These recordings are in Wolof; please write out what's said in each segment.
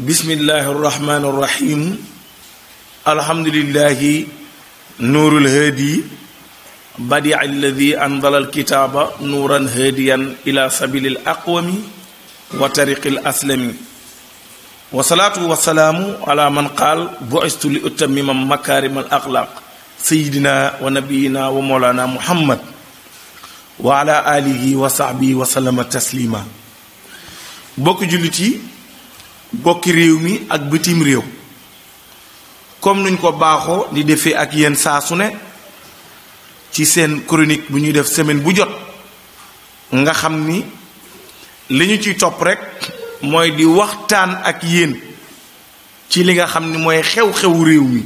بسم الله الرحمن الرحيم الحمد لله نور الهادي بديع الذي أنزل الكتاب نورا هاديا إلى سبيل الأقوم وطريق الأسلم والصلاة والسلام على من قال بعثت لأتمم مكارم الأخلاق سيدنا ونبينا ومولانا محمد وعلى آله وصحبه وسلم تسليما بوك جلتي bokki réew mi ak bitim réew comme nuñ ko baaxoo di defee ak yéen saa su ne ci seen chronique bu ñuy def semaine bu jot nga xam ni li ñu ciy topp rek mooy di waxtaan ak yéen ci li nga xam ni mooy xew-xewu réew mi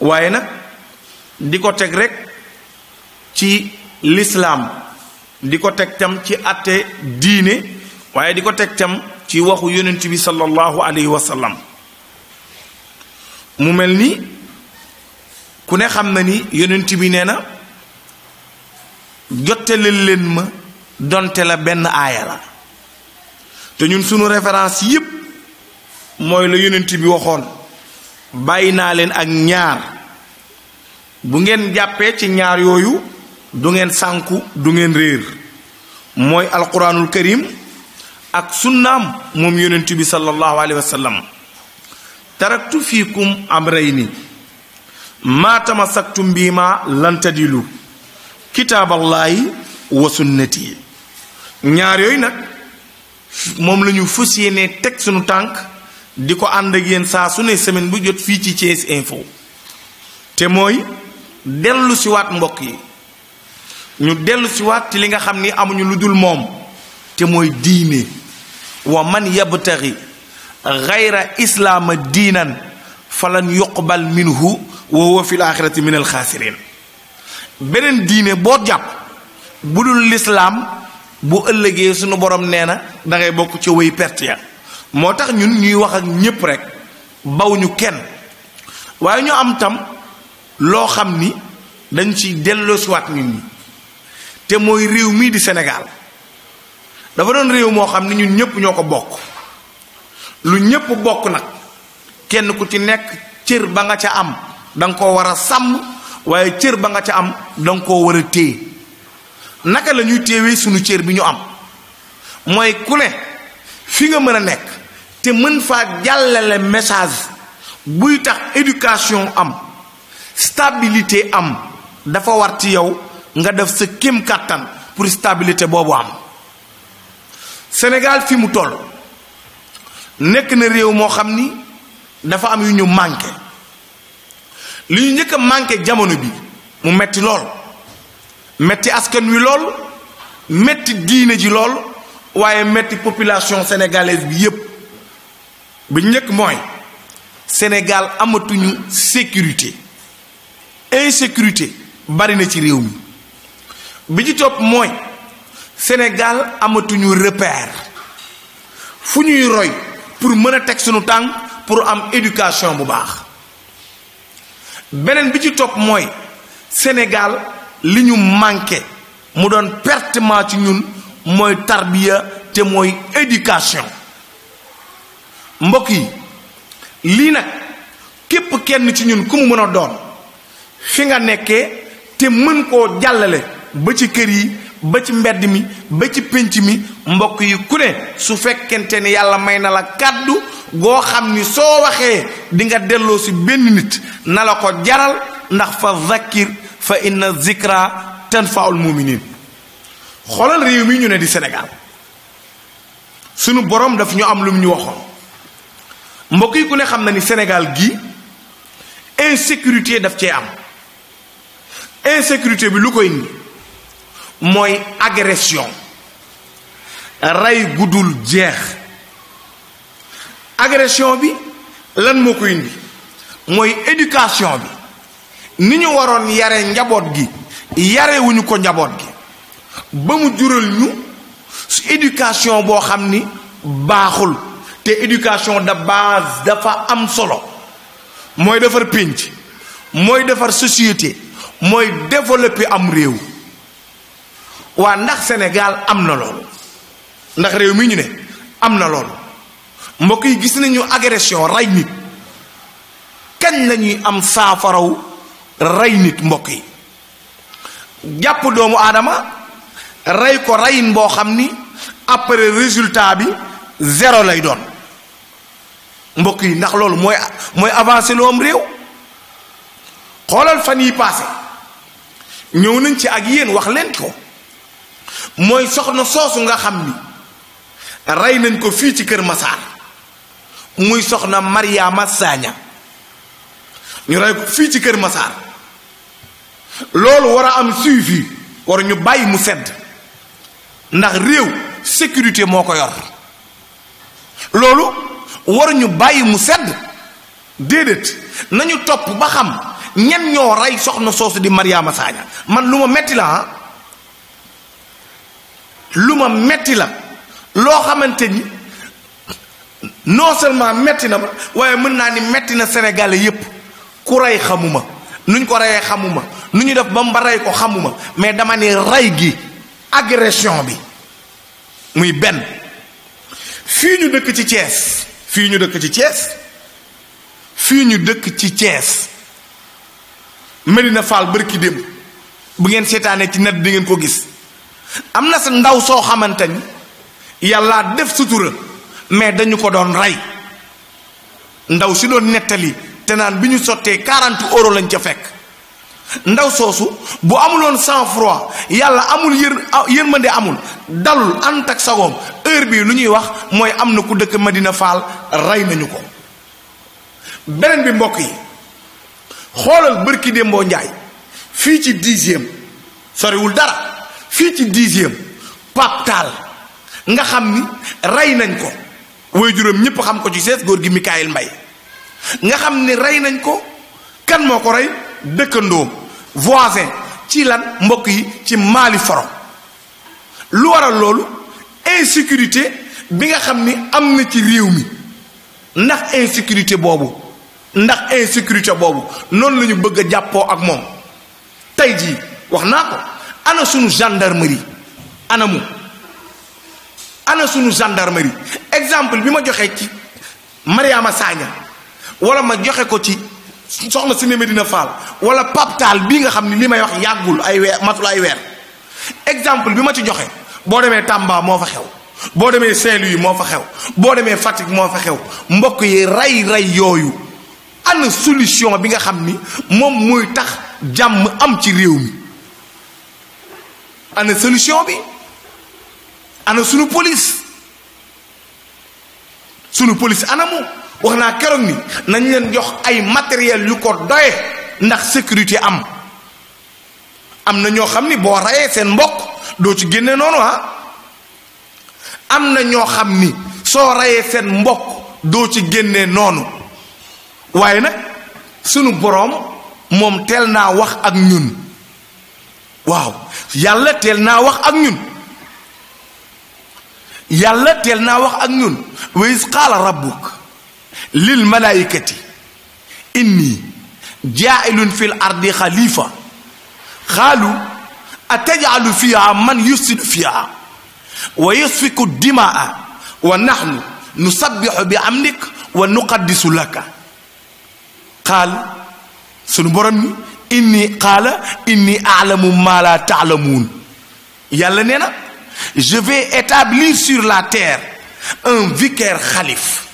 waaye nag di ko teg rek ci lislaam di ko teg tam ci àtte diine waaye di ko teg tam ci waxu yonent bi sallallahu alayhi wa sallam mu mel ni ku ne xam na ni yonent bi nee na jotte leen leen ma donte la benn aaya la te ñun sunu référence yépp mooy la yonent bi waxoon bàyyi naa leen ak ñaar bu ngeen jàppee ci ñaar yooyu du ngeen sànku du ngeen réer mooy alquranul karim ak sunnaam moom yonent bi sallallahu alayhi wa sallam taraktu fiikum amrayni maa tamassaktum biima lan tadilu kitaaballaahi wa sunnati ñaar yooyu nag moom la ñu fas yéene teg sunu tànk di ko ànd ak yéen saa su ne semaine bu jot fii ci Thiès Info te mooy dellu si waat mbokk yi ñu dellu si waat ci li nga xam ni amuñu lu dul moom te mooy diine wa man yabtaghi gayra islaama diinan falan yuqbal minhu wa huwa fi laaxirati min alxaasiriin beneen diine boo jàpp bu dul lislaam bu ëllëgee sunu borom nee na dangay bokk ci way perte ya moo tax ñun ñuy wax ak ñépp rek baw ñu kenn waaye ñu am tam loo xam ni dañ ci delloosiwaat nit ñi te mooy réew mii di senegaal dafa doon réew moo xam ni ñun ñëpp ñoo ko bokk lu ñëpp bokk nag kenn ku ci nekk cër ba nga ca am da nga koo war a sàmm waaye cër ba nga ca am da nga koo war a téye naka la ñuy téewee suñu cër bi ñu am mooy ku ne fi nga mën a nekk te mën faa jàllale message buy tax éducation am stabilité am dafa war ci yow nga def sa kim kàttan pour stabilité boobu am Senegal fi moutol. Nek nere ou mou khamni, da fa amyoun yo manke. Li yon nyek manke djamouni bi, mou met lor. Met aske nwi lor, met diyne di lor, waye met populasyon Senegalese bi yop. Bi nyek moun, Senegal amotouni sekurite. E sekurite, bari neti re ou. Bi jitop moun, Sénégal amatuñu repère fu ñuy roy pour mën a teg suñu tànk pour am éducation bu baax beneen bi ci topp mooy Sénégal li ñu manqué mu doon pertement ci ñun mooy tarbiya te mooy éducation mbokk yi lii nag képp kenn ci ñun ku mu mën a doon fi nga nekkee te mën koo jàllale ba ci kër yi ba ci mbedd mi ba ci pénc mi mbokk yi ku ne su fekkente ni yàlla may na la kàddu goo xam ni soo waxee dinga delloo si benn nit na la ko jaral ndax fa zakkir fa inna zikra tanfaul muminin xoolal réew mi ñu ne di Sénégal sunu borom daf ñu am lum ñu waxoon mbokk yi ku ne xam na ni Sénégal gi insécurité daf cee am insécurité bi lu koy indi mooy agression rey guddul jeex agression bi lan moo ko indi mooy éducation bi ni ñu waroon yare njaboot gi yarewuñu ko njaboot gi ba mu jural ñu su éducation boo xam ni baaxul te éducation de base dafa am solo mooy defar pénc mooy defar société mooy développer am réew waa ndax Sénégal am na loolu ndax réew mi ñu ne am na loolu mbokk yi gis nañu agression rey nit kañ lañuy am saafaraw rey nit mbokk yi jàpp doomu aadama rey ko reyin mboo xam ni après résultat bi zéro lay doon mbokk yi ndax loolu mooy mooy avancé lu am réew xoolal fan yi paase ñëw nañ ci ak yéen wax leen ko mooy soxna soosu nga xam ni rey nañ ko fii ci kër Masaar muy soxna Mariama Sagna ñu rey ko fii ci kër Masaar loolu war a am suivi war ñu bàyyi mu sedd ndax réew sécurité moo ko yor loolu war ñu bàyyi mu sedd déedéet nañu topp ba xam ñen ñoo rey soxna soosu di Mariama Sagna man lu ma metti la ah. lu ma metti la loo xamante ni non seulement metti na ma waaye mën naa ni metti na Sénégalais yépp ku rey xamuma nuñ ko reyee xamuma nu ñu def ba mba rey ko xamuma mais dama ne rey gi agression bi muy benn fii ñu dëkk ci Thiès fii ñu dëkk ci Thiès fii ñu dëkk ci Thiès Medina Fall bërki démb bu ngeen seetaanee ci net bi ngeen ko gis am na sa ndaw soo xamante ni yàlla def sutura mais dañu ko doon rey ndaw si doon nettali te naan bi ñu sottee 40 euros lañ ca fekk ndaw soosu bu amuloon sang froid yàlla amul yër yërmande amul dalul antak ak sagoom heure bii lu ñuy wax mooy am na ku dëkk Madina Fall rey nañu ko beneen bi mbokk yi xoolal bërki démboo njaay fii ci dixième soriwul dara fii ci dixième Pape nga xam ni rey nañ ko woy juróom ñëpp xam ko ci sees góor gi Mikaayil Mbay nga xam ni rey nañ ko kan moo ko rey dëkkandoo voisin ci lan mbokk yi ci maali Foro lu waral loolu insécurité bi nga xam ni am na ci réew mi ndax insécurité boobu ndax insécurité boobu noonu lañu bëgg a jàppoo ak moom tey jii wax naa ko ana suñu gendarmerie ana mu ana sunu gendarmerie exemple bi ma joxe ci Mariama Sagna wala ma joxe ko ci soxna si ne Medina Fall wala paptaal bii nga xam ne li may wax yàggul ay weer matul ay weer exemple bi ma ci joxe boo demee Tamba moo fa xew boo demee saint yi moo fa xew boo demee Fatick moo fa xew mbokk yi rey rey yooyu ana solution bi nga xam ni moom mooy tax jàmm am ci réew mi ana solution bi ana sunu police sunu police anamu wax naa keroog ni nañ leen jox ay matériel yu ko doye ndax sécurité am am na ñoo xam ni boo rayee seen mbokk doo ci génne noonu ah. am na ñoo xam ni soo rayee seen mbokk doo ci génne noonu waaye nag sunu boroom moom teel naa wax ak ñun waaw yàlla tel na wax ak ñun yàlla tel na wax ak ñun wa is qala rabbuk lil malaikati inni ja'ilun fil ardi khalifa xaalu atajalu fiha man yufsidu fiha wa yasfiku dimaa wa nahnu nusabbixu bi amdik wa nuqaddisu laka qaal sunu borom inni qala inni alamu ma la ta'lamun yalla nena je vais établir sur la terre un vicaire khalif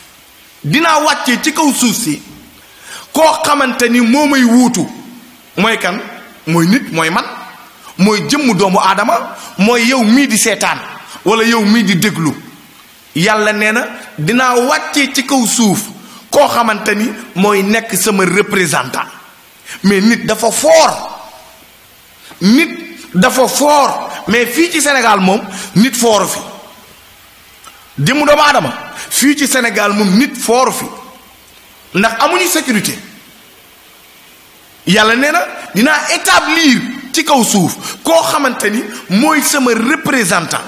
Dina wàccee ci kaw suuf ko xamanteni momay ni moy kan moy nit moy man moy jëm doomu adama moy yow mi di setan wala yow mi di deglu yalla nena dina ci kaw sama mais nit dafa foor nit dafa foor mais fii ci Sénégal moom nit fooru fi jëmu doomu aadama fii ci Sénégal moom nit fooru fi ndax amuñu sécurité yàlla nee na dinaa établir ci kaw suuf koo xamante ni mooy sama représentant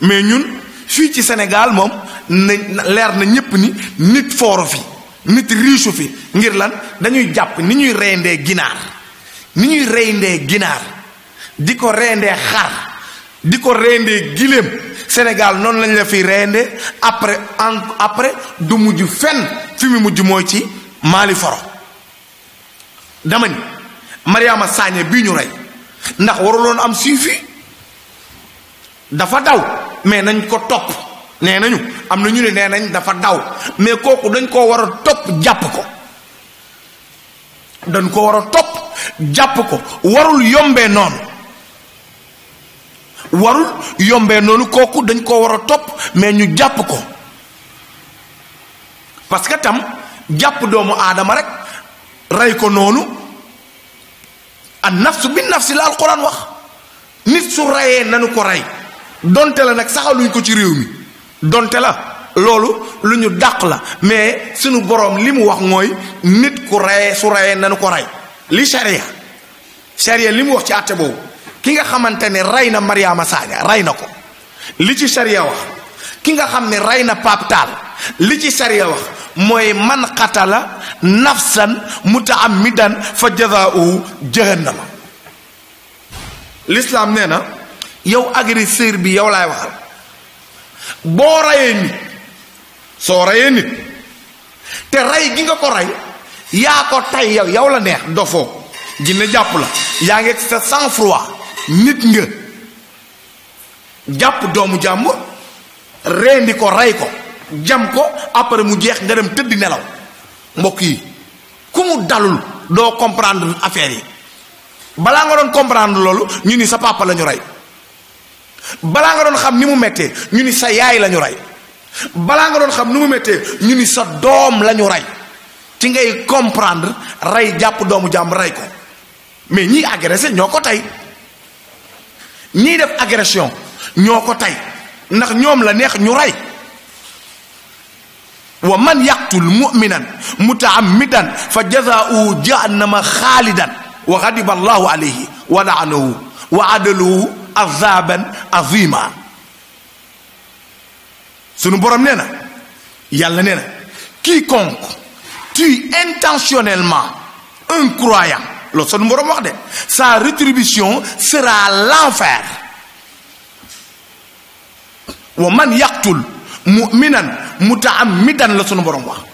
mais ñun fii ci Sénégal moom na leer na ñépp ni nit fooru fi nit riisu fi ngir lan dañuy jàpp ni ñuy reyndee ginaar ni ñuy reyndee ginaar di ko reyndee xar di ko reyndee giléem Sénégal noonu lañ la fi reynde après en après du mujj fenn fi mu mujj mooy ci Mali foro dama ni Mariama Sagna bii ñu rey ndax waruloon am suivi dafa daw mais nañ ko topp nenañu amna am ñu ne nenañ dafa daw mais koku dañ ko wara top japp ko dañ ko wara top japp ko warul yombé non warul yombé non koku dañ ko wara top mais ñu japp ko parce que tam japp doomu aadama rek ray ko nonu an nafs bin nafs la alquran wax nit su rayé nañ ko ray donte la nak saxaluñ ko ci rewmi donte la loolu lu ñu dàq la mais suñu boroom li mu wax mooy nit ku reyee su reyee nañu ko rey li charia charia li mu wax ci àtte boobu ki nga xamante ne rey na Mariama Sagna rey na ko li ci charia wax ki nga xam ne rey na Pape li ci charia wax mooy man qatala nafsan mutaamidan fa jazaau jahannama lislaam nee na yow agresseur bi yow laay waxal bo raye nit so raye nit te ray gi nga ko ray ya ko tay yow yow la neex dofo jinne japp la nga ci sa sang froid nit nga japp doomu jàmbur rendi ko ray ko jam ko après mu jeex nga dem teddi nelaw mbok yi ku mu dalul do comprendre affaire yi bala nga don comprendre lolou ñu ni sa papa lañu ray balaa nga doon xam ni mu méttee ñu ni sa yaay lañu ñu rey balaa nga doon xam ni mu méttee ñu ni sa doom lañu ñu rey ci ngay comprendre rey jàpp doomu jàmb rey ko mais ñiy agressé ñoo ko tey ñii def agression ñoo ko tey ndax ñoom la neex ñu rey wa man yaqtul muminan mutaammidan fa jazaauhu jahannama xaalidan wa xadiba allahu alayhi wa laanahu wa adaluhu azaban azima sunu borom nee yalla yàlla quiconque tue intentionnellement un croyant lo sunu borom wax de sa retribution sera l'enfer wa man yaqtul muminan muta'ammidan la sunu borom